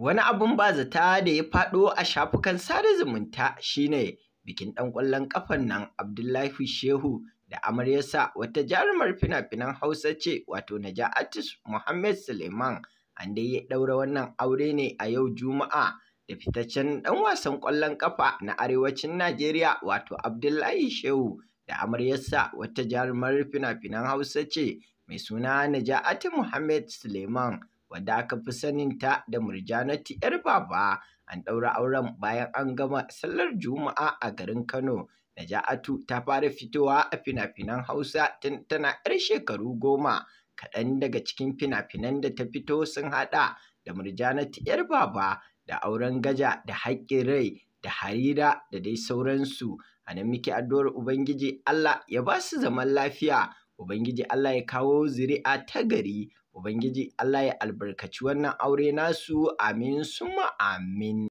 Wani abin ba zata da ya faɗo a shafukan sada zumunta shine bikin ɗan ƙwallon ƙafan nan Abdullahi Shehu da amaryarsa wata jarumar fina-finan Hausa ce wato Naja'atu Mohammed Suleiman. An dai ya ɗaura wannan aure ne a yau Juma'a da fitaccen ɗan wasan ƙwallon ƙafa na arewacin Najeriya wato Abdullahi Shehu da amaryarsa wata jarumar fina-finan Hausa ce mai suna Naja'atu Mohammed Suleiman. wadda aka fi sanin ta da Murjanatu 'yar baba an ɗaura auren bayan an gama sallar juma'a a garin Kano. Naja'atu ta fara fitowa a fina-finan Hausa tana 'yar shekaru goma. Kaɗan daga cikin fina-finan da ta fito sun haɗa da Murjanatu 'yar baba da auren gaja da haƙƙin rai da harira da dai sauransu. A nan muke addu'ar Ubangiji Allah ya ba su zaman lafiya, Ubangiji Allah ya kawo zuri'a ta gari. Ubangiji Allah ya albarkaci wannan aure nasu amin summa amin.